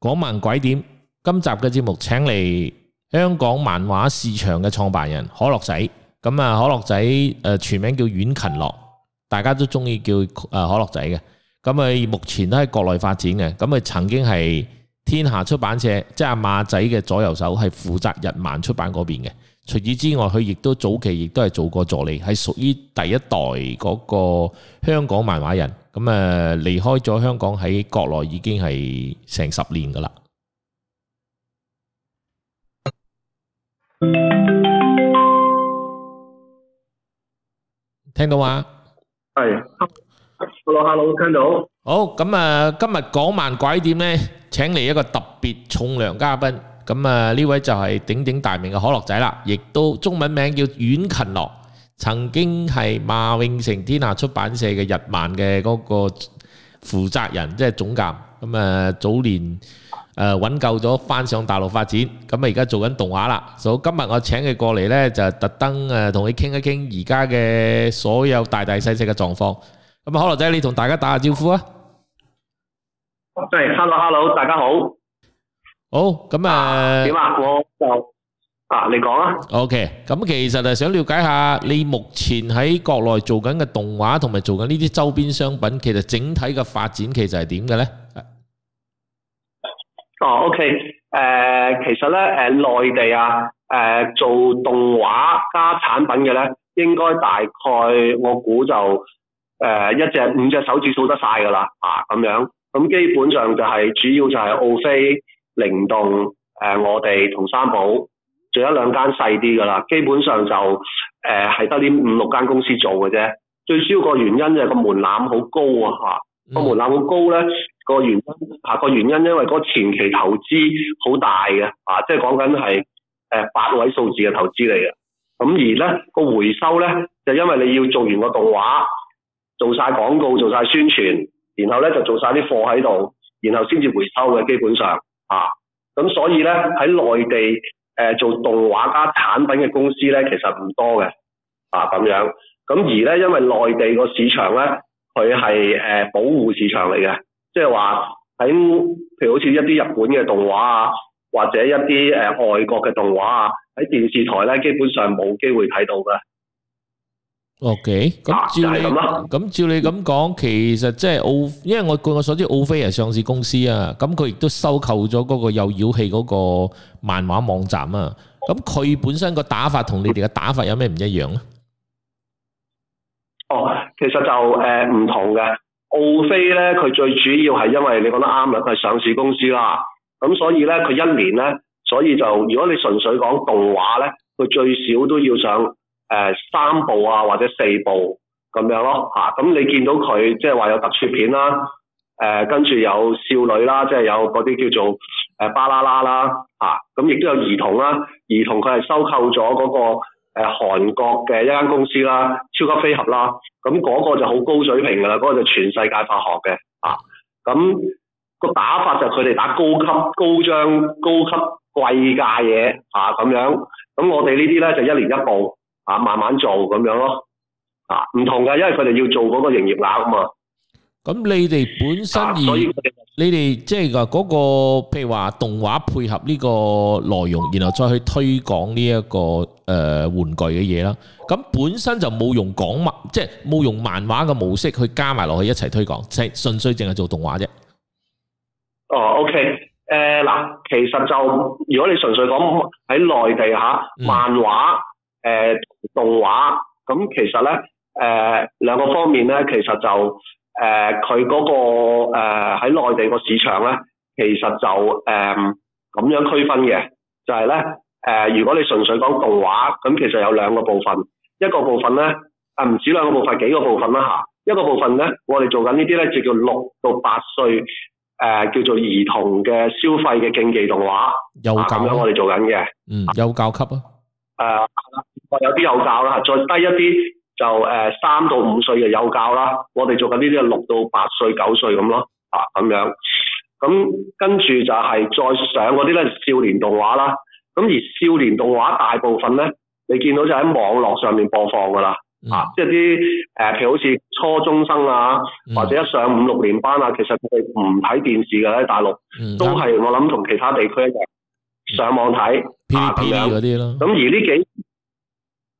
港漫拐點？今集嘅節目請嚟香港漫畫市場嘅創辦人可樂仔。咁啊，可樂仔誒，全名叫阮勤樂，大家都中意叫誒可樂仔嘅。咁佢目前都喺國內發展嘅。咁佢曾經係天下出版社，即係阿馬仔嘅左右手，係負責日漫出版嗰邊嘅。除此之外，佢亦都早期亦都係做過助理，係屬於第一代嗰個香港漫畫人。咁啊，離開咗香港喺國內已經係成十年噶啦，聽到嗎？係，hello hello，聽到。好，咁啊，今日講漫拐點咧？請嚟一個特別重量嘉賓，咁啊呢位就係鼎鼎大名嘅可樂仔啦，亦都中文名叫阮勤樂。曾經係馬榮成天下出版社嘅日漫嘅嗰個負責人，即係總監。咁、嗯、啊，早年誒揾、呃、夠咗，返上大陸發展。咁、嗯、啊，而家做緊動畫啦。所以今日我請佢過嚟咧，就特登誒同佢傾一傾而家嘅所有大大細細嘅狀況。咁、嗯、啊，可樂仔，你同大家打下招呼啊！誒、hey,，hello hello，大家好。好，咁、嗯、啊。點啊？我就。啊，你講啊。OK，咁其實誒想了解下，你目前喺國內做緊嘅動畫同埋做緊呢啲周邊商品，其實整體嘅發展其實係點嘅咧？哦、oh，OK，誒、呃，其實咧，誒，內地啊，誒、呃，做動畫加產品嘅咧，應該大概我估就誒、呃、一隻五隻手指數得晒噶啦，啊，咁樣，咁、嗯、基本上就係、是、主要就係奧飛、靈動，誒、呃，我哋同三寶。仲有兩間細啲㗎啦，基本上就誒係得呢五六間公司做嘅啫。最主要個原因就係個門檻好高啊！個、啊、門檻好高咧，個原因嚇、啊、個原因，因為嗰前期投資好大嘅啊，即係講緊係誒八位數字嘅投資嚟嘅。咁、啊、而咧個回收咧，就因為你要做完個動畫，做晒廣告，做晒宣傳，然後咧就做晒啲貨喺度，然後先至回收嘅。基本上啊。咁、啊、所以咧喺內地。誒做動畫加產品嘅公司咧，其實唔多嘅，啊咁樣，咁而咧，因為內地個市場咧，佢係誒保護市場嚟嘅，即係話喺譬如好似一啲日本嘅動畫啊，或者一啲誒外國嘅動畫啊，喺電視台咧基本上冇機會睇到嘅。OK，咁照、啊、你咁照你咁講，其實即係奧，因為我據我所知，奧飛係上市公司啊，咁佢亦都收購咗嗰個有妖氣嗰個漫畫網站啊，咁佢本身個打法同你哋嘅打法有咩唔一樣咧？哦，其實就誒唔、呃、同嘅，奧飛咧，佢最主要係因為你講得啱啦，佢係上市公司啦，咁所以咧佢一年咧，所以就如果你純粹講動畫咧，佢最少都要上。誒三部啊，或者四部咁樣咯嚇，咁、啊、你見到佢即係話有特撮片啦，誒、啊、跟住有少女啦、啊，即係有嗰啲叫做誒巴啦啦啦嚇，咁、啊、亦、啊、都有兒童啦、啊，兒童佢係收購咗嗰個誒韓國嘅一間公司啦，超級飛俠啦，咁、啊、嗰、那個就好高水平㗎啦，嗰、那個就全世界發行嘅嚇，咁、啊、那個打法就佢哋打高級高張高級貴價嘢嚇咁樣，咁我哋呢啲咧就一年一部。啊，慢慢做咁樣咯，啊，唔同㗎，因為佢哋要做嗰個營業額啊嘛。咁你哋本身、啊、你哋即係個嗰個，譬如話動畫配合呢個內容，然後再去推廣呢一個誒、呃、玩具嘅嘢啦。咁本身就冇用講漫，即係冇用漫畫嘅模式去加埋落去一齊推廣，即係純粹淨係做動畫啫。哦，OK，誒、呃、嗱，其實就如果你純粹講喺內地吓漫畫、嗯。誒、呃，動畫咁、嗯、其實咧，誒、呃，兩個方面咧，其實就誒，佢、呃、嗰、那個誒喺內地個市場咧，其實就誒咁、呃、樣區分嘅，就係、是、咧，誒、呃，如果你純粹講動畫，咁、嗯、其實有兩個部分，一個部分咧，唔、啊、止兩個部分，幾個部分啦、啊、吓，一個部分咧，我哋做緊呢啲咧，就叫六到八歲，誒、呃，叫做兒童嘅消費嘅競技動畫、啊啊嗯，有咁樣我哋做緊嘅，嗯，幼教級啊，誒。有啲幼教啦，再低一啲就誒三、呃、到五歲嘅幼教啦。我哋做緊呢啲六到八歲、九歲咁咯，啊咁樣。咁、嗯、跟住就係再上嗰啲咧少年動畫啦。咁、啊、而少年動畫大部分咧，你見到就喺網絡上面播放噶啦，啊，嗯、即係啲誒譬如好似初中生啊，或者一上五六年班啊，其實佢哋唔睇電視嘅喺大陸，都係我諗同其他地區一樣上網睇，P P T 嗰啲咯。咁而呢幾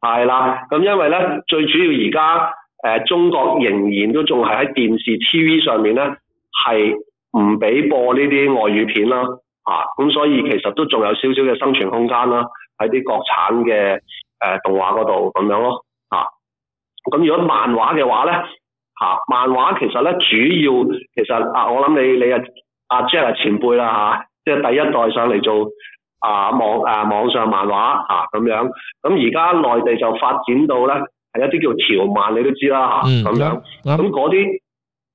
係啦，咁因為咧，最主要而家，誒、呃，中國仍然都仲係喺電視 T V 上面咧，係唔俾播呢啲外語片啦，啊，咁所以其實都仲有少少嘅生存空間啦，喺啲國產嘅誒、呃、動畫嗰度咁樣咯，啊，咁如果漫畫嘅話咧，吓、啊、漫畫其實咧主要，其實啊，我諗你你啊阿 Jack 係前輩啦吓，即、啊、係、就是、第一代上嚟做。啊網誒、啊、網上漫畫吓咁樣，咁而家內地就發展到咧係一啲叫條漫，你都知啦吓咁樣，咁嗰啲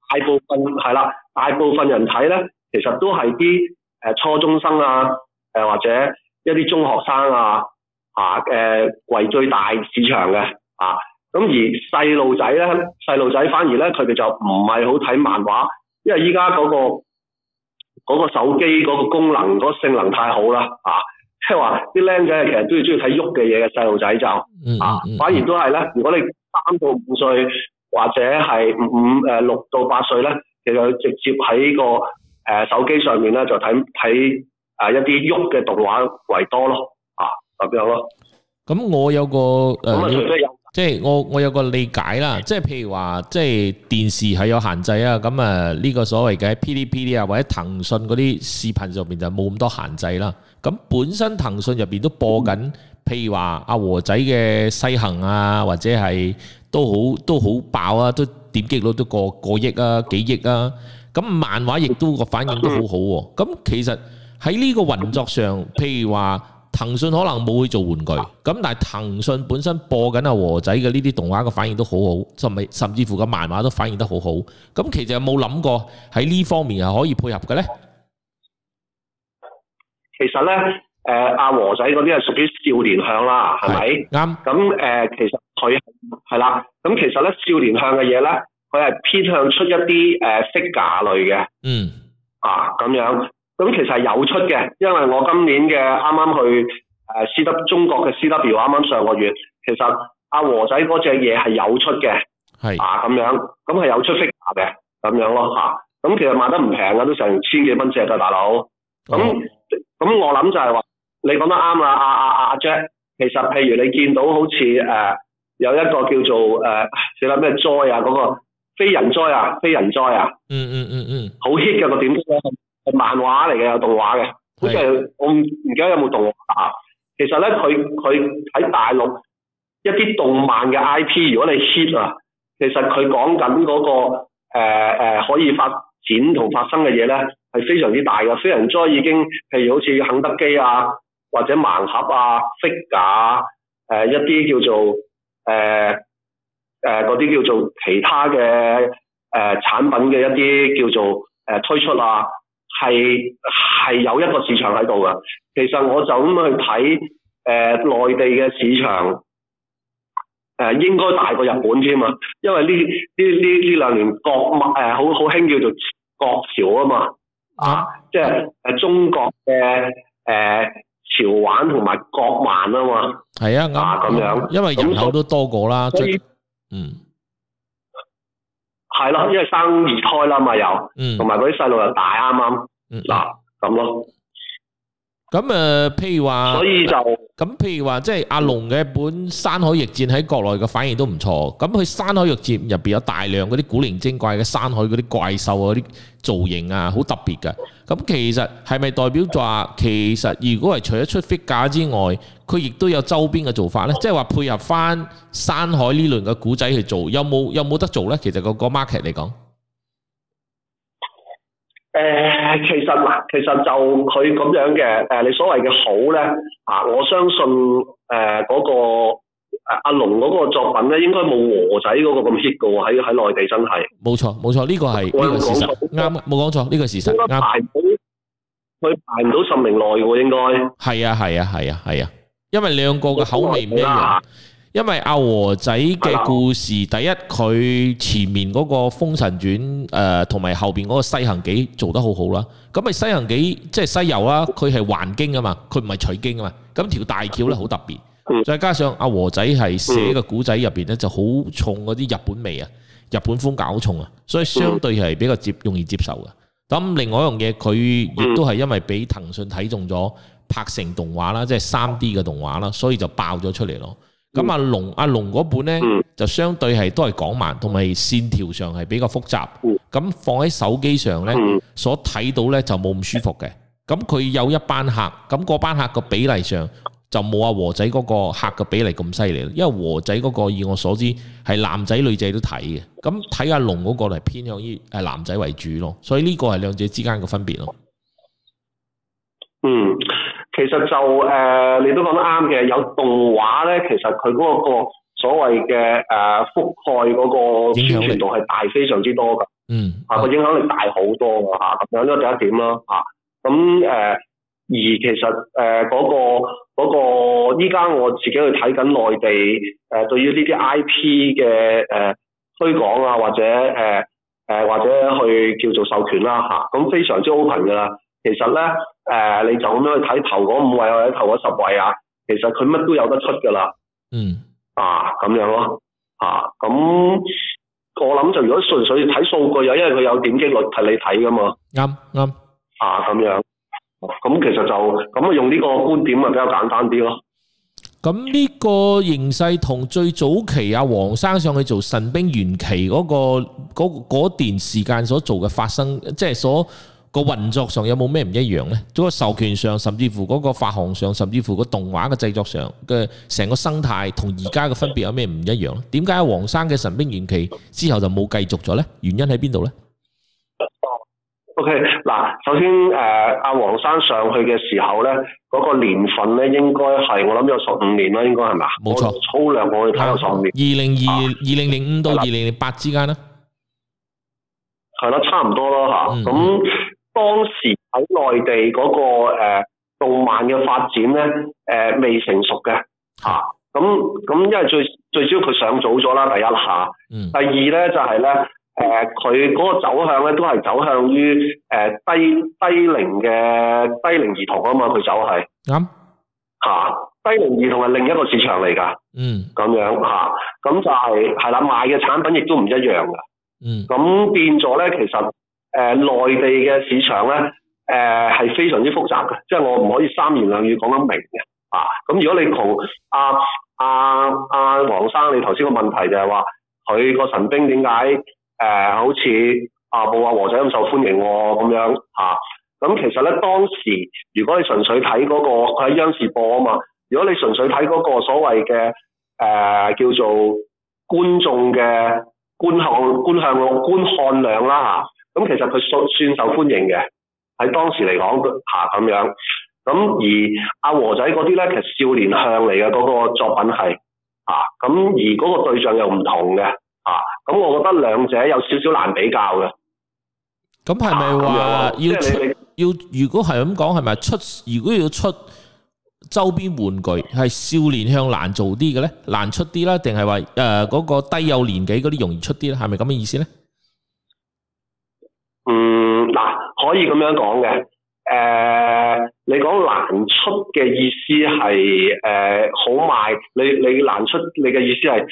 大部分係啦，嗯、大部分人睇咧，其實都係啲誒初中生啊，誒、啊、或者一啲中學生啊吓誒為最大市場嘅啊，咁、啊、而細路仔咧細路仔反而咧佢哋就唔係好睇漫畫，因為依家嗰個。嗰個手機嗰個功能嗰、那個、性能太好啦，啊，即係話啲靚仔其實都係中意睇喐嘅嘢嘅細路仔就，啊，嗯嗯嗯、反而都係咧，如果你三到五歲或者係五五六到八歲咧，你就直接喺、這個誒、啊、手機上面咧就睇睇啊一啲喐嘅動畫為多咯，啊咁樣咯。咁、嗯、我有個誒。呃即係我我有個理解啦，即係譬如話，即係電視係有限制啊，咁啊，呢個所謂嘅嗶哩嗶哩啊，或者騰訊嗰啲視頻上邊就冇咁多限制啦。咁本身騰訊入邊都播緊，譬如話阿和仔嘅《西行》啊，或者係都好都好爆啊，都點擊率都過過億啊，幾億啊。咁漫畫亦都個反應都好好、啊、喎。咁其實喺呢個運作上，譬如話。騰訊可能冇去做玩具，咁但係騰訊本身播緊阿和仔嘅呢啲動畫嘅反應都好好，甚至乎個漫畫都反應得好好。咁其實有冇諗過喺呢方面又可以配合嘅呢？其實呢，誒阿和仔嗰啲係屬於少年向啦，係咪？啱。咁誒，其實佢係啦。咁其實呢，少年向嘅嘢呢，佢係偏向出一啲誒 figure 類嘅。嗯。啊，咁樣。咁其實係有出嘅，因為我今年嘅啱啱去誒 C W 中國嘅 C W 啱啱上個月，其實阿和仔嗰隻嘢係有出嘅，係是啊咁樣，咁係有出息嘅咁樣咯嚇。咁、啊、其實賣得唔平啊，都成千幾蚊隻噶大佬。咁咁、嗯、我諗就係話你講得啱啦、啊，阿阿阿 Jack，其實譬如你見到好似誒、啊、有一個叫做誒，你諗咩災啊，嗰、那個非人災啊，非人災啊，嗯嗯嗯嗯，好 hit 嘅個點。係漫畫嚟嘅，動的有，有動畫嘅，好似係我唔記得有冇動畫。其實咧，佢佢喺大陸一啲動漫嘅 I P，如果你 hit 啊，其實佢講緊嗰個誒、呃呃、可以發展同發生嘅嘢咧，係非常之大嘅。非常之多已經，譬如好似肯德基啊，或者盲盒啊、f i g u r e 啊，誒、呃、一啲叫做誒誒嗰啲叫做其他嘅誒、呃、產品嘅一啲叫做誒、呃、推出啊。係係有一個市場喺度噶，其實我就咁去睇，誒、呃，內地嘅市場誒、呃、應該大過日本添嘛，因為呢呢呢呢兩年國漫誒好好興叫做國潮啊嘛，啊，啊即係誒中國嘅誒、呃、潮玩同埋國漫啊嘛，係啊，啊啊，咁樣，因為人口都多過啦，所以嗯。係咯，嗯、因為生二胎啦嘛，又，同埋嗰啲細路又大啱啱，嗱咁咯。咁誒、嗯嗯呃，譬如話，所以就。咁譬如話，即係阿龍嘅一本《山海逆戰》喺國內嘅反應都唔錯。咁佢《山海逆戰》入邊有大量嗰啲古靈精怪嘅山海嗰啲怪獸嗰啲造型啊，好特別嘅。咁其實係咪代表咗，其實如果係除咗出 figure 之外，佢亦都有周邊嘅做法咧？即係話配合翻山海呢輪嘅古仔去做，有冇有冇得做咧？其實個個 market 嚟講。誒其實嗱，其實就佢咁樣嘅，誒你所謂嘅好咧，啊我相信誒、嗰、嗰個阿龍嗰個作品咧，應該冇和仔嗰個咁 hit 嘅喺喺內地真係。冇錯冇錯，呢、呢個係呢個事實，啱，冇講錯呢個事實，啱。排，佢排唔到十名內嘅喎，應該。係啊係啊係啊係啊，因為兩個嘅口味唔一樣。 因為阿和仔嘅故事，第一佢前面嗰個傳《封神傳》誒，同埋後邊嗰個西《西行記》做得好好啦。咁咪《西行記》即係《西遊》啦，佢係還經啊嘛，佢唔係取經啊嘛。咁條大橋咧好特別，再加上阿和仔係寫個古仔入邊咧就好重嗰啲日本味啊，日本風搞好重啊，所以相對係比較接容易接受噶。咁另外一樣嘢，佢亦都係因為俾騰訊睇中咗拍成動畫啦，即係三 D 嘅動畫啦，所以就爆咗出嚟咯。咁阿龍阿龍嗰本咧、嗯、就相對係都係港漫，同埋線條上係比較複雜。咁、嗯、放喺手機上咧，嗯、所睇到咧就冇咁舒服嘅。咁佢有一班客，咁嗰班客嘅比例上就冇阿和仔嗰個客嘅比例咁犀利。因為和仔嗰個以我所知係男仔女仔都睇嘅。咁睇阿龍嗰個係偏向於係男仔為主咯。所以呢個係兩者之間嘅分別咯。嗯。其實就誒、呃，你都講得啱嘅，有動畫咧，其實佢嗰個所謂嘅誒、呃、覆蓋嗰個宣傳度係大非常之多噶，嗯，啊個影響力大好多㗎嚇，咁、啊、樣都第一點啦嚇。咁、啊、誒、呃，而其實誒嗰、呃那個嗰依家我自己去睇緊內地誒、呃呃、對於呢啲 IP 嘅誒推廣啊，或者誒誒、呃、或者去叫做授權啦、啊、嚇，咁、啊、非常之 open 㗎啦。啊其實咧，誒，你就咁樣去睇頭嗰五位或者頭嗰十位啊，其實佢乜都有得出噶啦。嗯，啊，咁樣咯，啊，咁我諗就如果純粹睇數據啊，因為佢有點擊率係你睇噶嘛。啱啱，啊，咁樣，咁其實就咁啊，用呢個觀點啊，比較簡單啲咯。咁呢個形勢同最早期啊，黃生上去做神兵玄奇嗰、嗰個嗰段時間所做嘅發生，即係所。個運作上有冇咩唔一樣呢？嗰個授權上，甚至乎嗰個發行上，甚至乎個動畫嘅製作上嘅成個生態，同而家嘅分別有咩唔一樣咧？點解阿黃生嘅神兵玄奇之後就冇繼續咗呢？原因喺邊度呢？OK 嗱，okay，首先誒，阿、啊、黃生上去嘅時候呢，嗰、那個年份呢應該係我諗有十五年啦，應該係嘛？冇錯錯，粗略我哋睇咗十五年。二零二二零零五到二零零八之間呢，係啦，差唔多啦吓，咁、嗯。嗯當時喺內地嗰個誒動漫嘅發展咧誒未成熟嘅嚇，咁、啊、咁因為最最主要佢上早咗啦，第一嚇、啊，第二咧就係咧誒佢嗰個走向咧都係走向於誒、呃、低低齡嘅低齡兒童啊嘛，佢走係咁嚇，低齡兒童係、嗯啊、另一個市場嚟㗎、嗯啊，嗯，咁樣嚇，咁就係係啦，賣嘅產品亦都唔一樣㗎，嗯，咁、嗯、變咗咧其實。誒、呃、內地嘅市場咧，誒、呃、係非常之複雜嘅，即係我唔可以三言兩語講得明嘅啊。咁如果你同阿阿阿黃生你頭先個問題就係話，佢個神兵點解誒好似啊布阿、啊、和尚咁受歡迎喎咁樣嚇？咁、啊啊啊、其實咧當時，如果你純粹睇嗰、那個佢喺央視播啊嘛，如果你純粹睇嗰個所謂嘅誒、呃、叫做觀眾嘅觀，觀向觀向個觀看量啦嚇。啊。咁其實佢受算受歡迎嘅，喺當時嚟講吓咁樣。咁而阿和仔嗰啲咧，其實少年向嚟嘅嗰個作品係啊。咁而嗰個對象又唔同嘅啊。咁，啊，我覺得兩者有少少難比較嘅。咁係咪話要出要？如果係咁講，係咪出？如果要出周邊玩具，係少年向難做啲嘅咧，難出啲啦？定係話誒嗰個低幼年紀嗰啲容易出啲咧？係咪咁嘅意思咧？嗯嗱，可以咁樣講嘅，誒、呃，你講難出嘅意思係誒、呃、好賣，你你難出，你嘅意思係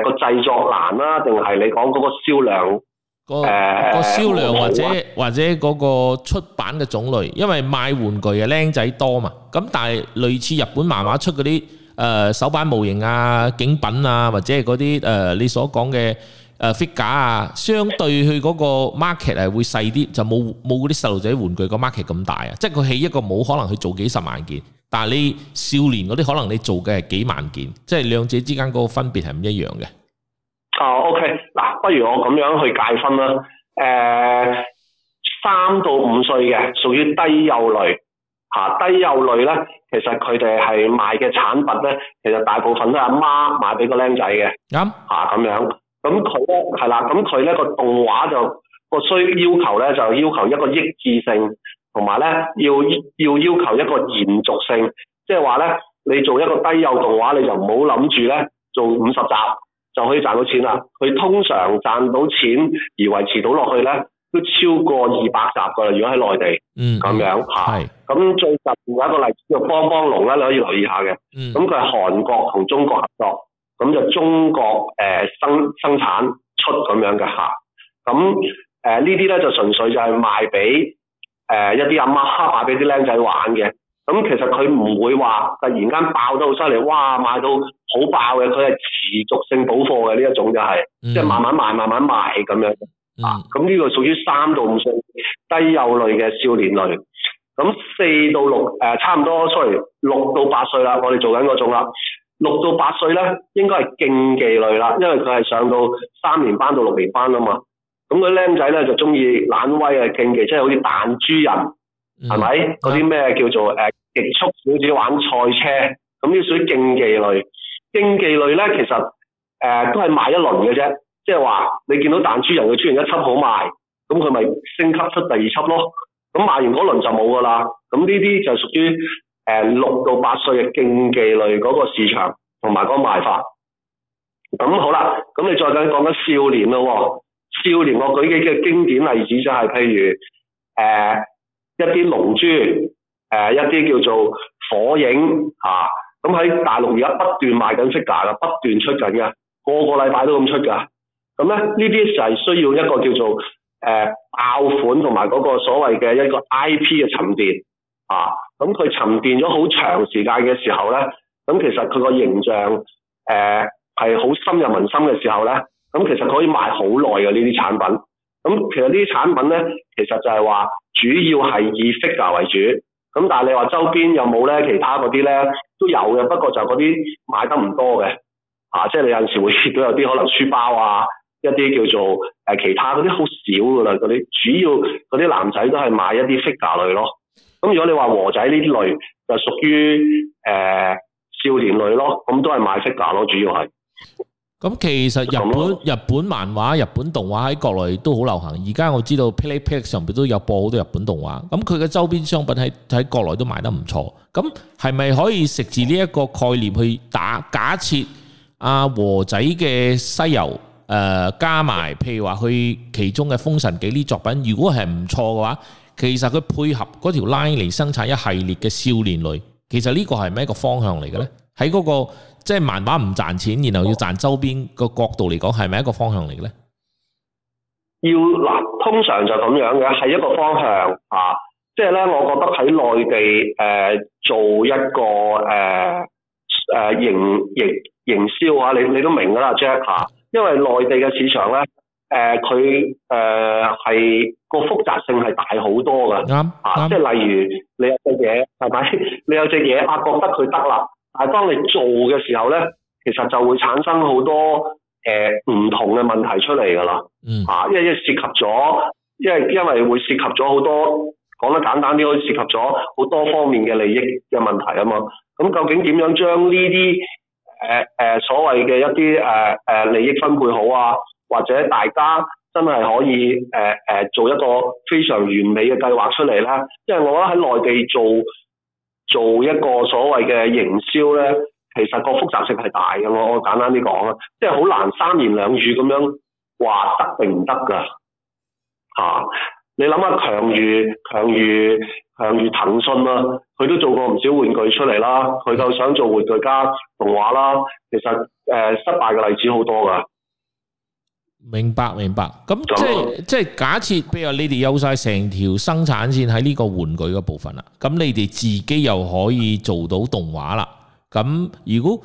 誒個製作難啦，定係你講嗰個銷量，呃、個誒銷量或者、呃、或者嗰個出版嘅種類，因為賣玩具嘅僆仔多嘛，咁但係類似日本漫畫出嗰啲誒手辦模型啊、景品啊，或者係嗰啲誒你所講嘅。誒 figure 啊，uh, figure，相對佢嗰個 market 係會細啲，就冇冇嗰啲細路仔玩具個 market 咁大啊，即係佢起一個冇可能去做幾十萬件，但係你少年嗰啲可能你做嘅係幾萬件，即係兩者之間嗰個分別係唔一樣嘅。哦、uh，OK，嗱、啊，不如我咁樣去解分啦。誒、啊，三到五歲嘅屬於低幼類嚇、啊，低幼類咧，其實佢哋係賣嘅產品咧，其實大部分都係阿媽賣俾個僆仔嘅，嚇咁、嗯啊、樣。咁佢咧係啦，咁佢咧個動畫就、個需要求呢，就要求一個一致性，同埋呢要要要求一個延續性，即係話呢，你做一個低幼動畫，你就唔好諗住呢做五十集就可以賺到錢啦。佢通常賺到錢而維持到落去呢，都超過二百集噶啦。如果喺內地，嗯，咁樣吓，咁是最近有一個例子叫《幫幫龍》呢，你可以留意下嘅，嗯，咁佢係韓國同中國合作。咁、嗯、就是、中國誒、呃、生生產出咁樣嘅嚇，咁、嗯、誒、呃、呢啲咧就純粹就係賣俾誒、呃、一啲阿媽，媽爸爸俾啲僆仔玩嘅，咁、嗯嗯、其實佢唔會話突然間爆得好犀利，哇賣到好爆嘅，佢係持續性補貨嘅呢一種就係、是，即、就、係、是、慢慢賣慢慢賣咁樣，啊咁呢個屬於三到五、呃、歲低幼類嘅少年類，咁四到六誒差唔多 sorry 六到八歲啦，我哋做緊嗰種啦。六到八歲咧，應該係競技類啦，因為佢係上到三年班到六年班啊嘛。咁佢僆仔咧就中意懶威啊，競技即係好似彈珠人，係咪？嗰啲咩叫做誒、啊、極速小子玩賽車，咁呢屬於競技類。競技類咧，其實誒、啊、都係賣一輪嘅啫，即係話你見到彈珠人佢出現一輯好賣，咁佢咪升級出第二輯咯。咁賣完嗰輪就冇㗎啦。咁呢啲就屬於。誒，六到八歲嘅競技類嗰個市場同埋嗰個賣法，咁好啦，咁你再講講少年啦、哦，少年我舉幾嘅經典例子就係、是、譬如誒、呃、一啲龍珠，誒、呃、一啲叫做火影吓，咁、啊、喺大陸而家不斷賣緊 figure 噶，不斷出緊噶，個個禮拜都咁出噶，咁咧呢啲就係需要一個叫做誒、呃、爆款同埋嗰個所謂嘅一個 I P 嘅沉澱啊。咁佢沉澱咗好長時間嘅時候呢，咁其實佢個形象誒係好深入民心嘅時候呢，咁其實可以賣好耐嘅呢啲產品。咁其實呢啲產品呢，其實就係話主要係以 figure 為主。咁但係你話周邊有冇呢？其他嗰啲呢都有嘅，不過就嗰啲買得唔多嘅嚇啊。即係你有陣時會見到有啲可能書包啊，一啲叫做誒其他嗰啲好少㗎啦，嗰啲主要嗰啲男仔都係買一啲 figure 類咯。咁如果你話和仔呢啲類就屬於誒、呃、少年類咯，咁都係賣色價咯，主要係。咁、嗯、其實日本日本漫畫、日本動畫喺國內都好流行。而家我知道 Play Pack 上邊都有播好多日本動畫，咁佢嘅周邊商品喺喺國內都賣得唔錯。咁係咪可以食住呢一個概念去打？假設阿、啊、和仔嘅西遊誒、呃、加埋，譬如話去其中嘅封神紀呢作品，如果係唔錯嘅話。其實佢配合嗰條 line 嚟生產一系列嘅少年類，其實呢個係咩一個方向嚟嘅咧？喺嗰、那個即係漫畫唔賺錢，然後要賺周邊個角度嚟講，係咪一個方向嚟嘅咧？要嗱，通常就咁樣嘅，係一個方向啊！即係咧，我覺得喺內地誒、呃、做一個誒誒、呃、營營營銷啊，你你都明噶啦，Jack 吓、啊，因為內地嘅市場咧。誒，佢誒係個複雜性係大好多噶，啱啱、嗯，啊、即係例如你有隻嘢，係咪？你有隻嘢、啊，覺得佢得啦，但係當你做嘅時候咧，其實就會產生好多誒、呃、唔同嘅問題出嚟噶啦，嗯，吓，因為涉及咗，因為因為會涉及咗好多，講得簡單啲，可以涉及咗好多方面嘅利益嘅問題啊嘛。咁究竟點樣將呢啲誒誒所謂嘅一啲誒誒利益分配好啊？或者大家真係可以誒誒、呃呃、做一個非常完美嘅計劃出嚟啦，因為我覺得喺內地做做一個所謂嘅營銷咧，其實個複雜性係大嘅，我我簡單啲講、就是、啊，即係好難三言兩語咁樣話得定唔得㗎嚇。你諗下強如強如強如騰訊啦、啊，佢都做過唔少玩具出嚟啦，佢夠想做玩具加動畫啦，其實誒、呃、失敗嘅例子好多㗎。明白明白，咁即係即係假設，譬如你哋有晒成條生產線喺呢個玩具嘅部分啦，咁你哋自己又可以做到動畫啦。咁如果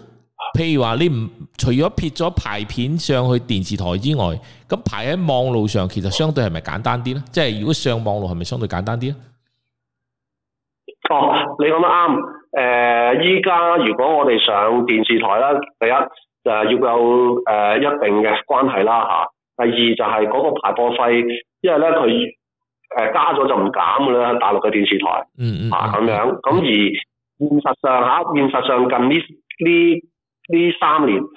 譬如話你唔除咗撇咗排片上去電視台之外，咁排喺網路上，其實相對係咪簡單啲咧？即係如果上網路係咪相對簡單啲咧？哦，你講得啱。誒、呃，依家如果我哋上電視台啦，第一。就要有誒、呃、一定嘅關係啦吓。第二就係嗰個排播費，因為咧佢，誒，加咗就唔減噶啦，大陸嘅電視台，嗯、啊、嗯，啊咁樣。咁而現實上吓、啊，現實上近呢呢呢三年，誒、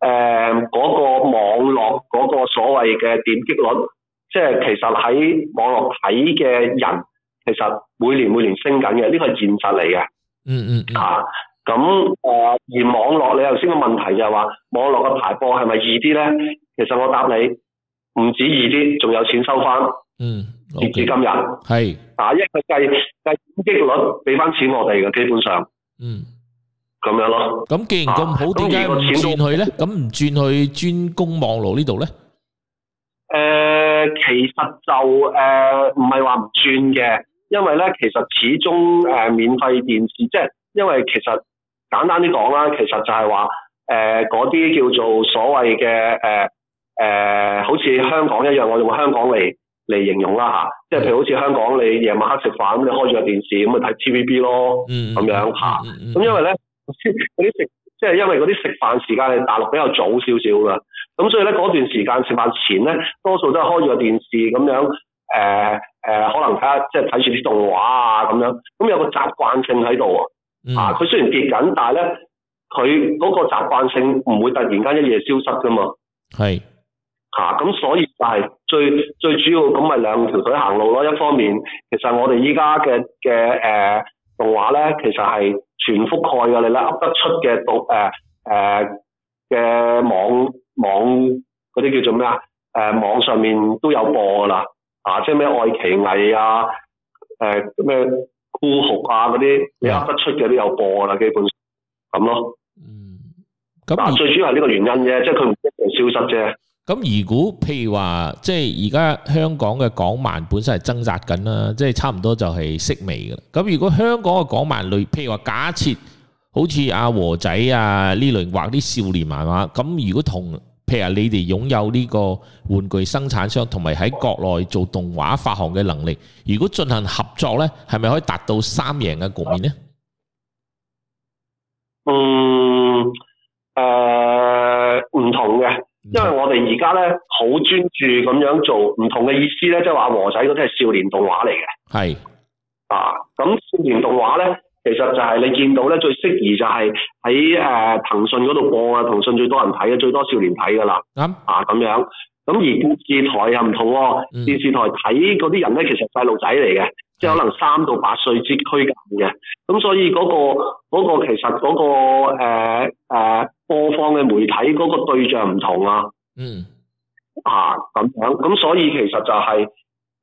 呃、嗰、嗰個網絡嗰個所謂嘅點擊率，即係其實喺網絡睇嘅人，其實每年每年升緊嘅，呢個現實嚟嘅，嗯、啊、嗯，吓。咁誒，而網絡你頭先嘅問題就係、是、話，網絡嘅排播係咪易啲咧？其實我答你，唔止易啲，仲有錢收翻。嗯，截、okay，至今日係打一嘅計計點擊率，俾翻錢我哋嘅基本上。嗯，咁樣咯。咁既然咁好，點解唔轉去咧？咁唔轉去專攻網絡呢度咧？誒、呃，其實就誒，唔係話唔轉嘅，因為咧，其實始終誒、呃、免費電視，即係因為其實。簡單啲講啦，其實就係話，誒、呃，嗰啲叫做所謂嘅，誒、呃，誒、呃，好似香港一樣，我用香港嚟嚟形容啦吓，即係譬如好似香港，你夜晚黑食飯咁，你開住個電視咁咪睇 TVB 咯，咁樣吓，咁、嗯嗯嗯嗯、因為咧，嗰啲食，即係因為嗰啲食飯時間，大陸比較早少少噶，咁所以咧嗰段時間食飯前咧，多數都係開住個電視咁樣，誒、呃，誒、呃，可能睇下即係睇住啲動畫啊咁樣，咁有個習慣性喺度。啊！佢雖然跌緊，但係咧，佢嗰個習慣性唔會突然間一夜消失噶嘛。係是。嚇、啊！咁、啊啊啊、所以就係最最主要咁咪兩條腿行路咯。一方面，其實我哋依家嘅嘅誒動畫咧，其實係全覆蓋嘅啦。噏得出嘅動誒誒嘅網網嗰啲叫做咩啊？誒、呃、網上面都有播噶啦。啊！即係咩愛奇藝啊？誒、呃、咩？孤酷啊！嗰啲你得出不嘅都有播噶啦，基本咁咯。嗯，咁嗱，最主要係呢個原因啫，即係佢唔一定消失啫。咁如果譬如話，即係而家香港嘅港漫本身係掙扎緊啦，即係差唔多就係式微噶啦。咁如果香港嘅港漫類，譬如話假設，好似阿和仔啊呢類畫啲少年漫畫，咁如果同。譬如你哋擁有呢個玩具生產商同埋喺國內做動畫發行嘅能力，如果進行合作咧，係咪可以達到三贏嘅局面咧？嗯，誒、呃、唔同嘅，唔同嘅，因為我哋而家咧好專注咁樣做，唔同嘅意思咧，即係話和仔嗰啲係少年動畫嚟嘅，係是啊，咁少年動畫咧。其實就係你見到咧，最適宜就係喺誒騰訊嗰度播啊，騰訊最多人睇嘅，最多少年睇噶啦。咁、嗯、啊，咁樣咁而電視台又唔同喎，電視台睇嗰啲人咧，其實細路仔嚟嘅，嗯、即係可能三到八歲之區間嘅。咁、啊、所以嗰、嗰個、嗰個其實嗰、嗰個誒誒、啊啊、播放嘅媒體嗰個對象唔同啊。嗯啊。啊，咁樣咁所以其實就係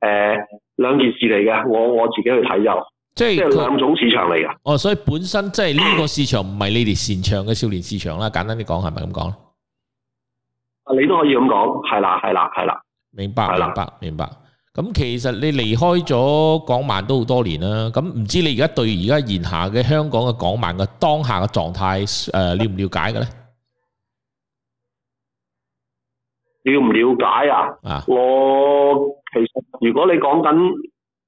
誒兩件事嚟嘅，我我自己去睇又。即係兩種市場嚟噶， 哦，所以本身即係呢個市場唔係你哋擅長嘅少年市場啦。簡單啲講，係咪咁講？啊，你都可以咁講，係啦，係啦，係啦，明白，的明白，明白，明白。咁其實你離開咗港漫都好多年啦，咁唔知你而家對而家現下嘅香港嘅港漫嘅當下嘅狀態，誒、呃、了唔了解嘅咧？了唔了解啊？啊，我其實如果你講緊誒。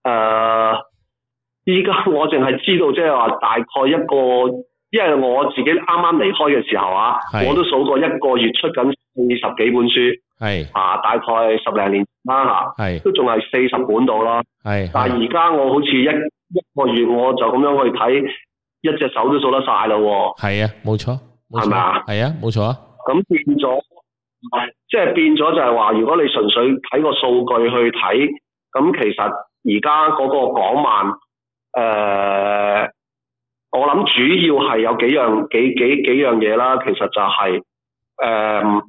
呃依家我淨係知道，即係話大概一個，因為我自己啱啱離開嘅時候啊，是我都數過一個月出緊二十幾本書，係是啊，大概十零年啦吓，係是都仲係四十本到啦，係是。但係而家我好似一一個月我就咁樣去睇，一隻手都數得晒咯喎。係啊，冇錯，係咪啊？係吧啊，冇錯啊。咁變咗，即係變咗就係話，如果你純粹睇個數據去睇，咁其實而家嗰個港漫。誒、呃，我諗主要係有幾樣幾幾幾樣嘢啦，其實就係、是、誒、呃，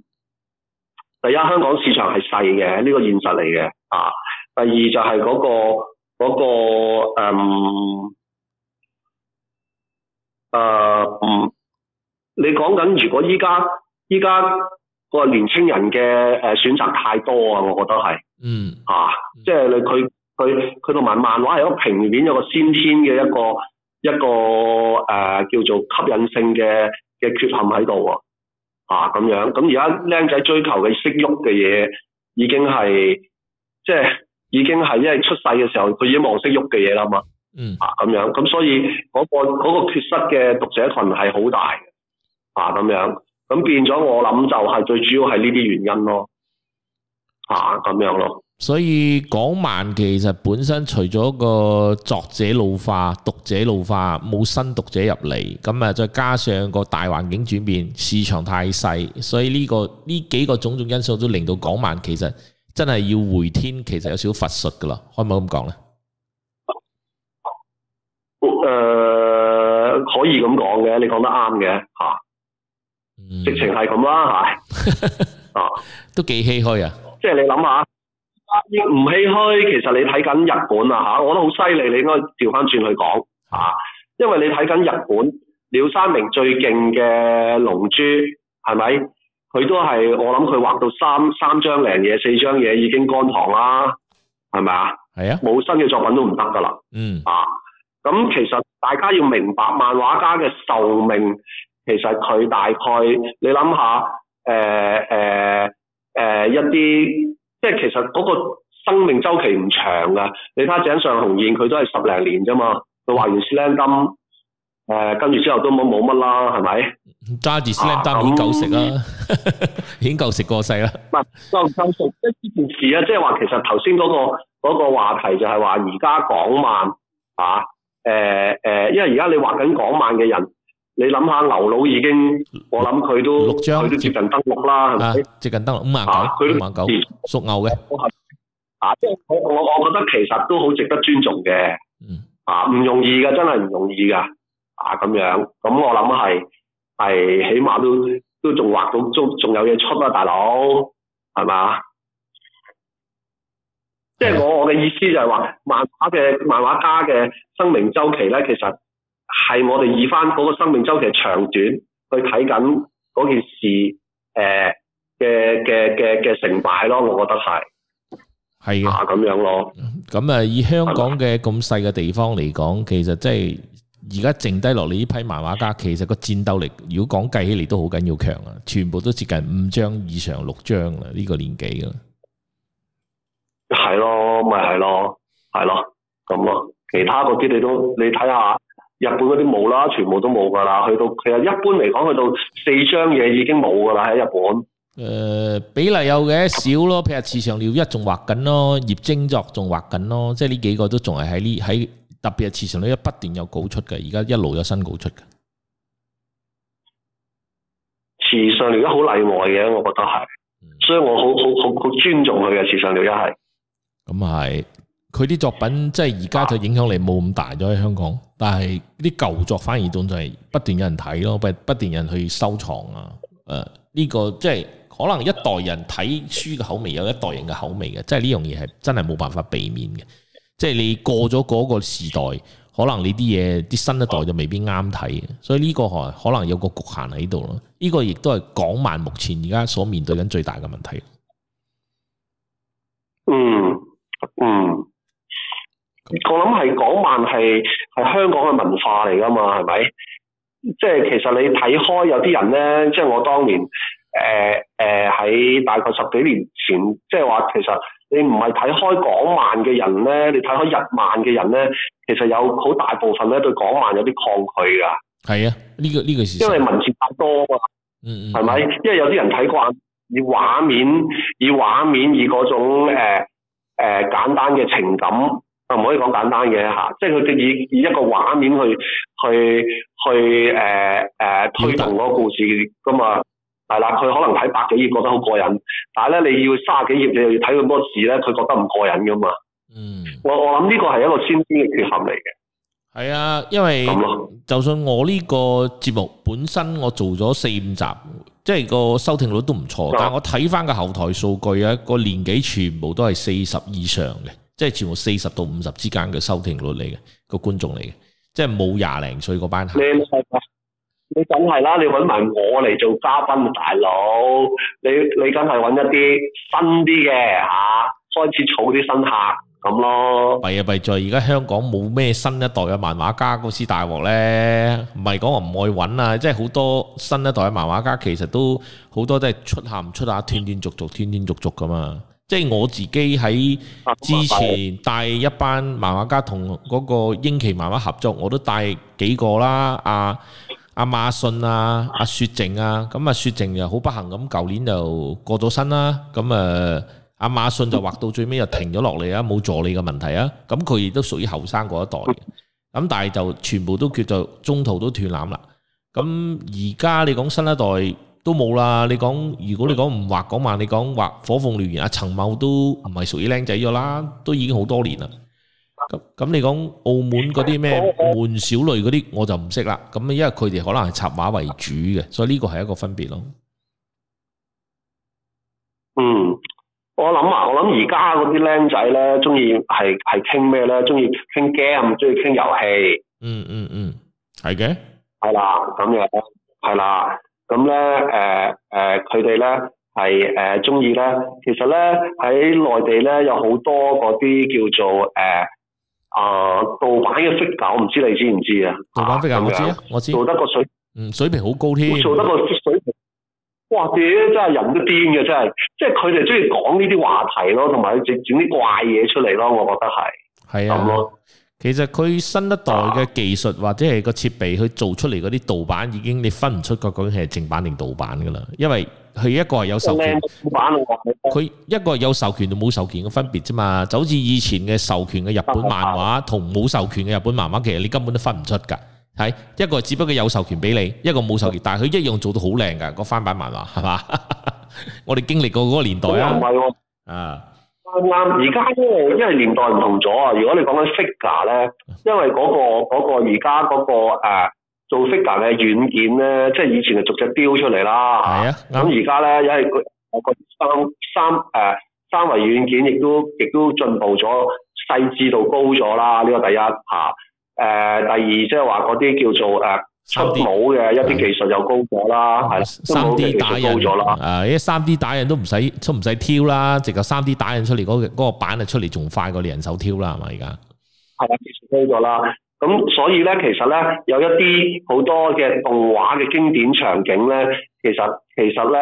第一，香港市場係細嘅，呢個現實嚟嘅啊。第二就係嗰、嗰個、嗰個誒，誒、呃，唔、呃，你講緊如果依家依家個年輕人嘅誒選擇太多啊，我覺得係嗯啊，嗯嗯即係你佢。佢佢同埋漫畫係一個平面，有個先天嘅一個一個誒、呃、叫做吸引性嘅、嘅缺陷喺度啊，啊咁樣咁而家靚仔追求嘅識喐嘅嘢已經係即係已經係因為出世嘅時候佢已經冇識喐嘅嘢啦嘛，嗯啊咁樣咁所以嗰、嗰個、嗰個嗰個缺失嘅讀者群係好大，啊咁樣咁、嗯、變咗我諗就係最主要係呢啲原因咯，啊咁樣咯。所以港漫其實本身除咗個作者老化、讀者老化，冇新讀者入嚟，咁啊再加上個大環境轉變、市場太細，所以呢、這個呢幾個種種因素都令到港漫其實真係要回天，其實有少少乏術噶啦，可唔可以咁講咧？誒，可以咁講嘅，你講得啱嘅吓，直情係咁啦，係、嗯、 都幾唏噓啊！即係你諗下。唔唏嘘，其實你睇緊日本啊嚇，我覺得好犀利，你應該調翻轉去講嚇，啊，因為你睇緊日本，鳥山明最勁嘅龍珠係咪？佢都係我諗佢畫到三三張零嘢，四張嘢已經乾塘啦，係咪啊？係啊，冇新嘅作品都唔得噶啦。嗯啊，咁其實大家要明白漫畫家嘅壽命，其實佢大概你諗下，誒誒誒一啲。即係其實嗰個生命周期唔長噶，你睇下井上雄彥佢都係十零年啫嘛，佢畫完《Slam Dunk》誒，跟住之後都冇冇乜啦，係咪？揸住《Slam Dunk》、um、已經夠食啦，啊、 已經夠食過世啦。唔係夠夠食，呢件事啊，即係話其實頭先嗰個嗰、嗰個話題就係話而家港漫嚇誒誒，因為而家你畫緊港漫嘅人。你諗下，牛佬已經，我諗佢都六張張，都接近登陸啦，係咪、啊啊？接近登陸五萬九，五萬九屬牛嘅。啊，即係我我我覺得其實都好值得尊重嘅。嗯啊。啊，唔容易噶，真係唔容易噶。啊，咁樣，咁我諗係係起碼都都仲畫到，仲仲有嘢出啊，大佬，係嘛？即、就、係、是、我我嘅意思就係話，漫畫嘅漫畫家嘅生命周期咧，其實。係我哋以翻嗰個生命周期長短去睇緊嗰件事，誒嘅嘅嘅嘅成敗咯，我覺得係係嘅咁樣咯。咁啊、嗯，以香港嘅咁細嘅地方嚟講，其實即係而家剩低落嚟呢批漫畫家，其實個戰鬥力，如果講計起嚟都好緊要強啊！全部都接近五張以上六張啦，呢、呢個年紀啦。係咯，咪係咯，係咯，咁咯，其他嗰啲你都你睇下。日本嗰啲冇啦，全部都冇噶啦。去到其實一般嚟講，去到四張嘢已經冇噶啦喺日本。誒、呃，比例有嘅少，少咯，譬如池上遼一仲畫緊咯，葉精作仲畫緊咯，即係呢幾個都仲係喺呢喺。特別係池上遼一不斷有稿出嘅，而家一路有新稿出嘅。池上遼一好例外嘅，我覺得係，所以我好好好好尊重佢嘅池上遼一係。咁係。佢啲作品即係而家就影響力冇咁大咗喺香港，但係啲舊作反而仲就係不斷有人睇咯，不不斷有人去收藏啊。誒、這個，呢個即係可能一代人睇書嘅口味，有一代人嘅口味嘅，即係呢樣嘢係真係冇辦法避免嘅。即係你過咗嗰個時代，可能呢啲嘢啲新一代就未必啱睇，所以呢個可能有個局限喺度咯。呢、這個亦都係港漫目前而家所面對緊最大嘅問題。嗯嗯。嗯我諗係港漫係係香港嘅文化嚟噶嘛，係咪？即係其實你睇開有啲人咧，即係我當年誒誒喺大概十幾年前，即係話其實你唔係睇開港漫嘅人咧，你睇開日漫嘅人咧，其實有好大部分咧對港漫有啲抗拒噶。係啊，呢個呢個。這個事，因為文字太多啊嘛，嗯嗯、係咪？因為有啲人睇慣以畫面以畫面以嗰種誒誒、呃呃、簡單嘅情感。唔可以講簡單嘅吓，即係佢哋以以一個畫面去去去誒誒、呃呃、推動嗰個故事噶嘛，明白，係啦，佢可能睇百幾頁覺得好過癮，但係咧你要卅幾頁你又要睇咁多字咧，佢覺得唔過癮噶嘛。嗯，我我諗呢個係一個先天嘅缺陷嚟嘅。係啊，因為就算我呢個節目本身我做咗四五集，即係個收聽率都唔錯，嗯、但係我睇翻個後台數據啊，個年紀全部都係四十以上嘅。即係全部四十到五十之間嘅收聽率嚟嘅，個觀眾嚟嘅，即係冇廿零歲嗰班客。你梗係啦，你揾埋我嚟做嘉賓大佬，你你梗係揾一啲新啲嘅吓，開始儲啲新客咁咯。弊啊弊在，而家香港冇咩新一代嘅漫畫家公司大鑊呢。唔係講我唔愛揾啊，即係好多新一代嘅漫畫家其實都好多都係出下唔出下，斷斷續續，斷斷續續噶嘛。即係我自己喺之前帶一班漫畫家同嗰個英奇漫畫合作，我都帶幾個啦，阿阿馬信啊，阿、啊啊啊、雪靜啊，咁啊雪靜又、啊、好、啊、不幸咁，舊年就過咗身啦，咁誒阿馬信就畫到最尾又停咗落嚟啊，冇助理嘅問題啊，咁佢亦都屬於後生嗰一代嘅。咁但係就全部都叫做中途都斷纜啦，咁而家你講新一代。都冇啦！你講，如果你講唔畫講慢，你講畫火鳳燎原啊，陳茂都唔係屬於靚仔咗啦，都已經好多年啦。咁咁、嗯、你講澳門嗰啲咩門小類嗰啲，我就唔識啦。咁因為佢哋可能係插畫為主嘅，所以呢個係一個分別咯、嗯嗯。嗯，我諗啊，我諗而家嗰啲靚仔咧，中意係係傾咩咧？中意傾 game，中意傾遊戲。嗯嗯嗯，係嘅。係啦，咁樣係啦。咁咧，誒誒，佢哋咧係誒中意咧。其實咧喺內地咧，有好多嗰啲叫做誒啊盜版嘅色狗，唔知你知唔知啊？盜版色狗、啊，我知我知。做得個水，嗯，水平好高添。做得個水水平，哇！嘢真係人都癲嘅，真係，即係佢哋中意講呢啲話題咯，同埋整啲怪嘢出嚟咯，我覺得係係啊咁咯。其實佢新一代嘅技術或者係個設備，佢做出嚟嗰啲盜版已經你分唔出佢究竟係正版定盜版噶啦，因為佢一個係有授權，佢麼一個係有授權同冇授權嘅分別啫嘛。就好似以前嘅授權嘅日本漫畫同冇授權嘅日本漫畫，其實你根本都分唔出噶。係一個只不過有授權俾你，一個冇授權，但係佢一樣做到好靚噶個翻版漫畫，係嘛？ 我哋經歷過嗰個年代啊，啊。啱，而家因為年代唔同咗啊。如果你講緊 figure 咧，因為嗰、那個而家嗰個、那個呃、做 figure 嘅軟件咧，即係以前就逐隻雕出嚟啦嚇。咁而家咧，因為個三三誒、呃、三維軟件亦都亦都進步咗，細緻度高咗啦。呢、這個第一嚇。誒、啊呃，第二即係話嗰啲叫做誒。呃 D 出冇嘅，一啲技術又高咗啦，係三的的 D 打印，啊，三 D 打印都唔使都唔使挑啦，直頭三 D 打印出嚟嗰、嗰個嗰個版啊出嚟仲快過你人手挑啦，係咪？而家係啊，技術高咗啦，咁所以咧，其實咧有一啲好多嘅動畫嘅經典場景咧，其實其實咧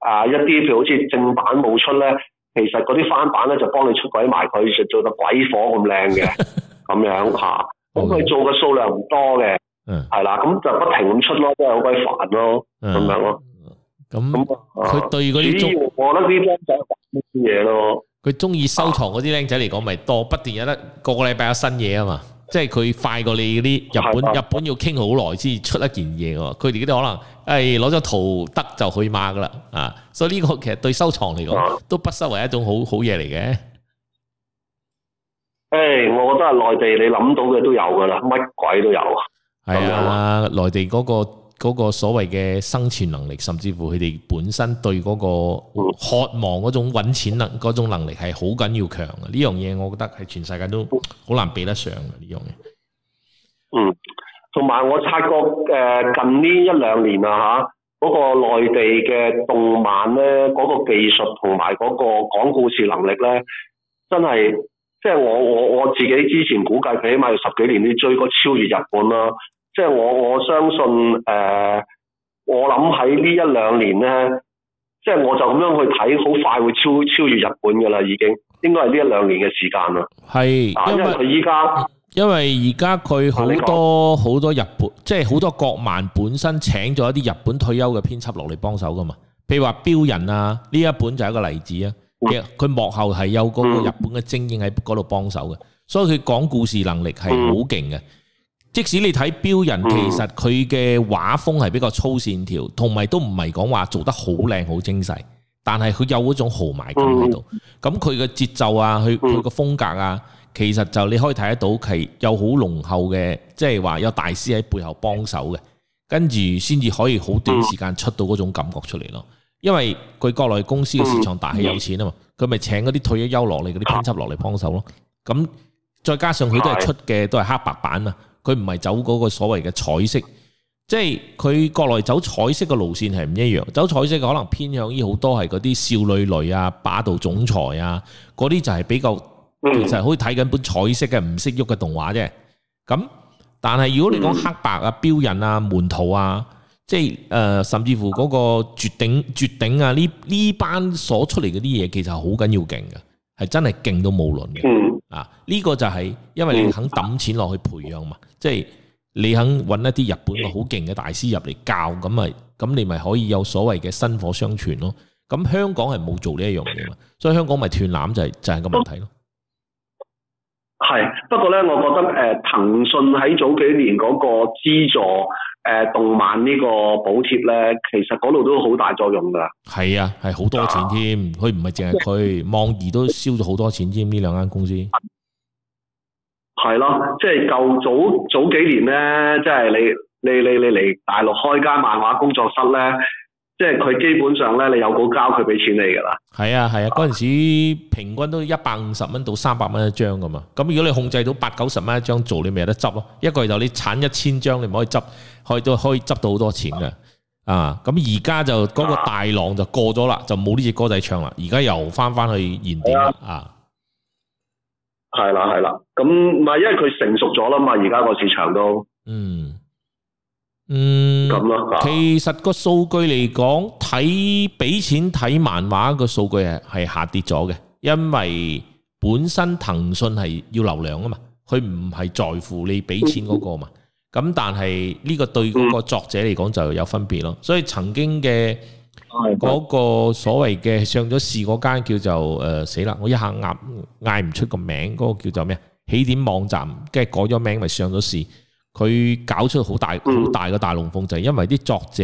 啊，一啲譬如好似正版冇出咧，其實嗰啲、啊、翻版咧就幫你出鬼埋佢，成做到鬼火咁靚嘅，咁 樣吓，咁佢做嘅數量唔多嘅。 嗯，係啦、嗯，咁就不停咁出咯，真係好鬼煩咯，咁樣咯。咁佢對嗰啲中，我覺得啲僆仔玩啲嘢咯。佢中意收藏嗰啲僆仔嚟講，咪、啊、多，不斷有得個個禮拜有新嘢啊嘛。即係佢快過你嗰啲日本，啊、日本要傾好耐先出一件嘢。佢哋嗰啲可能係攞咗圖得就去馬噶啦。啊，所以呢個其實對收藏嚟講，啊、都不失為一種好好嘢嚟嘅。誒、啊，我覺得係內地，你諗到嘅都有噶啦，乜鬼都有。係啊，內地嗰、嗰個、嗰個所謂嘅生存能力，甚至乎佢哋本身對嗰個渴望嗰種揾錢能嗰種能力係好緊要強嘅。呢樣嘢我覺得係全世界都好難比得上嘅呢樣嘢。嗯，同埋我察覺誒、呃，近呢一兩年啊吓，嗰、嗰個內地嘅動漫咧，嗰、嗰個技術同埋嗰個講故事能力咧，真係。即係我我我自己之前估計，佢起碼要十幾年，要追過超越日本啦。即係我我相信，誒、呃，我諗喺呢一兩年咧，即係我就咁樣去睇，好快會超超越日本噶啦，已經應該係呢一兩年嘅時間啦。係是，因為佢依家因為而家佢好多好說多日本，即係好多國漫本身請咗一啲日本退休嘅編輯落嚟幫手噶嘛。譬如話鏢人啊，呢一本就係一個例子啊。佢幕後係有嗰個日本嘅精英喺嗰度幫手嘅，所以佢講故事能力係好勁嘅。即使你睇《鏢人》，其實佢嘅畫風係比較粗線條，同埋都唔係講話做得好靚、好精細，但係佢有嗰種豪邁感喺度。咁佢嘅節奏啊，佢佢個風格啊，其實就你可以睇得到，佢有好濃厚嘅，即係話有大師喺背後幫手嘅，跟住先至可以好短時間出到嗰種感覺出嚟咯。因為佢國內公司嘅市場大氣有錢啊嘛，佢咪、嗯、請嗰啲退咗休落嚟嗰啲編輯落嚟幫手咯。咁、啊、再加上佢都係出嘅都係黑白版啊，佢唔係走嗰個所謂嘅彩色，即係佢國內走彩色嘅路線係唔一樣。走彩色嘅可能偏向於好多係嗰啲少女類啊、霸道總裁啊嗰啲就係比較其實可以睇緊本彩色嘅唔識喐嘅動畫啫。咁但係如果你講黑白啊、鏢人啊、門徒啊。即係誒、呃，甚至乎嗰個絕頂絕頂啊！呢呢班所出嚟嗰啲嘢，其實好緊要勁嘅，係真係勁到冇倫嘅。嗯。啊、呢、這個就係因為你肯抌錢落去培養嘛，即係你肯搵一啲日本嘅好勁嘅大師入嚟教，咁咪咁你咪可以有所謂嘅薪火相傳咯。咁、嗯、香港係冇做呢一樣嘢嘛，所以香港咪斷纜就係就係、是就是、個問題咯。係、嗯，不過咧，我覺得誒，騰訊喺早幾年嗰個資助。誒、呃，動漫個貼呢個補貼咧，其實嗰度都好大作用噶。係啊，係好多錢添，佢唔係淨係佢，網易都燒咗好多錢，添。呢兩間公司？係咯、啊，即係舊早早幾年咧，即、就、係、是、你你你你嚟大陸開間漫畫工作室咧。即係佢基本上咧，你有稿交佢俾錢你噶啦。係啊係啊，嗰陣、啊、時平均都一百五十蚊到三百蚊一張噶嘛。咁如果你控制到八九十蚊一張做，你咪有得執咯。一個就你產一千張，你咪可以執，可以都可以執到好多錢噶。嗯、啊，咁而家就嗰個大浪就過咗啦，啊、就冇呢隻歌仔唱啦。而家又翻翻去原點、嗯、啊。係啦係啦，咁唔係因為佢成熟咗啦嘛？而家個市場都嗯。嗯，其實個數據嚟講，睇俾錢睇漫畫個數據係下跌咗嘅，因為本身騰訊係要流量啊嘛，佢唔係在乎你俾錢嗰個嘛。咁、嗯、但係呢個對嗰個作者嚟講就有分別咯。所以曾經嘅嗰個所謂嘅上咗市嗰間叫做誒死啦，我一下壓嗌唔出個名，嗰個叫做咩？起點網站，跟住改咗名咪上咗市。佢搞出好大好大嘅大龍鳳，就係因為啲作者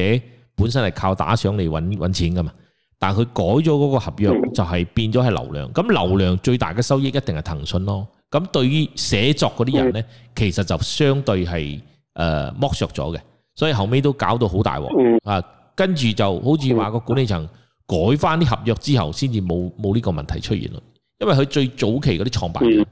本身係靠打賞嚟揾搵錢噶嘛。但係佢改咗嗰個合約，就係變咗係流量。咁流量最大嘅收益一定係騰訊咯。咁對於寫作嗰啲人呢，其實就相對係誒剝削咗嘅。所以後尾都搞到好大鑊啊。跟住就好似話個管理層改翻啲合約之後，先至冇冇呢個問題出現咯。因為佢最早期嗰啲創辦人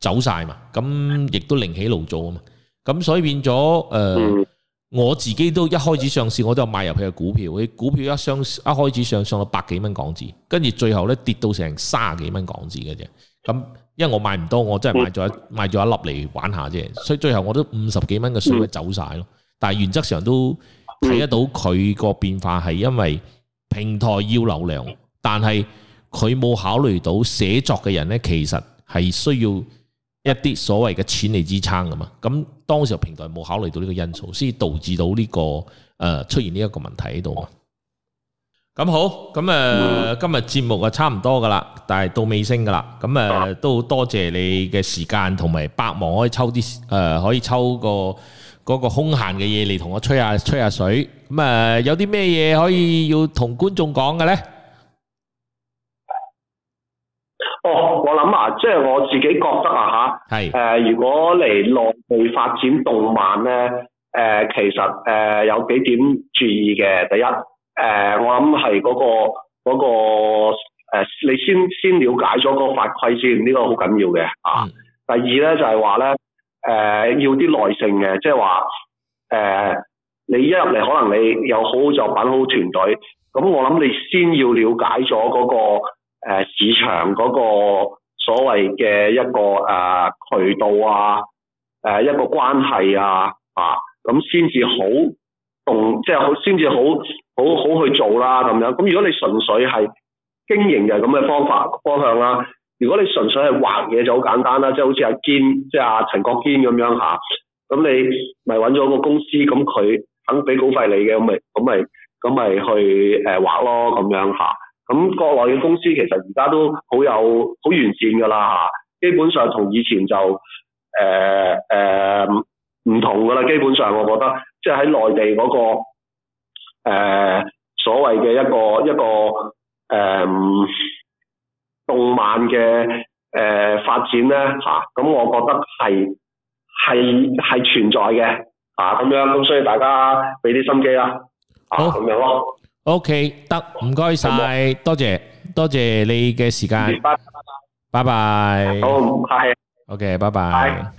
走晒嘛，咁亦都另起爐灶啊嘛。咁所以變咗誒、呃，我自己都一開始上市，我都有買入去嘅股票。佢股票一上，一開始上上到百幾蚊港紙，跟住最後咧跌到成卅幾蚊港紙嘅啫。咁因為我買唔多，我真係買咗買咗一粒嚟玩下啫。所以最後我都五十幾蚊嘅水走晒咯。但係原則上都睇得到佢個變化，係因為平台要流量，但係佢冇考慮到寫作嘅人咧，其實係需要。一啲所謂嘅錢嚟支撐噶嘛，咁當時平台冇考慮到呢個因素，先以導致到呢、呢個誒、呃、出現呢一個問題喺度啊。咁、嗯、好，咁誒、呃、今日節目啊差唔多噶啦，但係到尾聲噶啦，咁誒、呃、都多謝你嘅時間同埋百忙可以抽啲誒、呃、可以抽個嗰、嗰個空閒嘅嘢嚟同我吹下吹下水。咁誒、呃、有啲咩嘢可以要同觀眾講嘅呢？哦，我諗啊，即係我自己覺得啊吓，誒、呃，如果嚟內地發展動漫咧，誒、呃，其實誒、呃、有幾點注意嘅。第一，誒、呃，我諗係嗰個、那個誒、呃，你先先了解咗個法規先，呢、這個好緊要嘅啊。嗯、第二咧就係話咧，誒、呃，要啲耐性嘅，即係話，誒、呃，你一入嚟可能你有好好作品，好,好團隊，咁、嗯、我諗你先要了解咗嗰、那個。誒，uh, 市場嗰個所謂嘅一個誒、uh, 渠道啊，誒、uh, 一個關係啊，啊、uh，咁先至好同，即係先至好好好去做啦，咁樣。咁如果你純粹係經營嘅咁嘅方法方向啦，如果你純粹係畫嘢就好簡單啦，即係好似阿堅，即係阿陳國堅咁樣吓，咁你咪揾咗個公司，咁佢肯俾稿費你嘅，咁咪咁咪咁咪去誒畫咯，咁樣吓。咁、嗯、國內嘅公司其實而家都好有好完善㗎喇吓，基本上同以前就誒誒唔同㗎喇。基本上我覺得，即係喺內地嗰、那個、呃、所謂嘅一個一個誒、呃、動漫嘅誒、呃、發展咧吓，咁、啊嗯、我覺得係係係存在嘅，啊咁樣，咁、嗯、所以大家俾啲心機啦，啊咁樣咯。O K 得，唔該晒，多謝多謝你嘅時間，拜拜，拜拜，好唔該，O K，拜拜。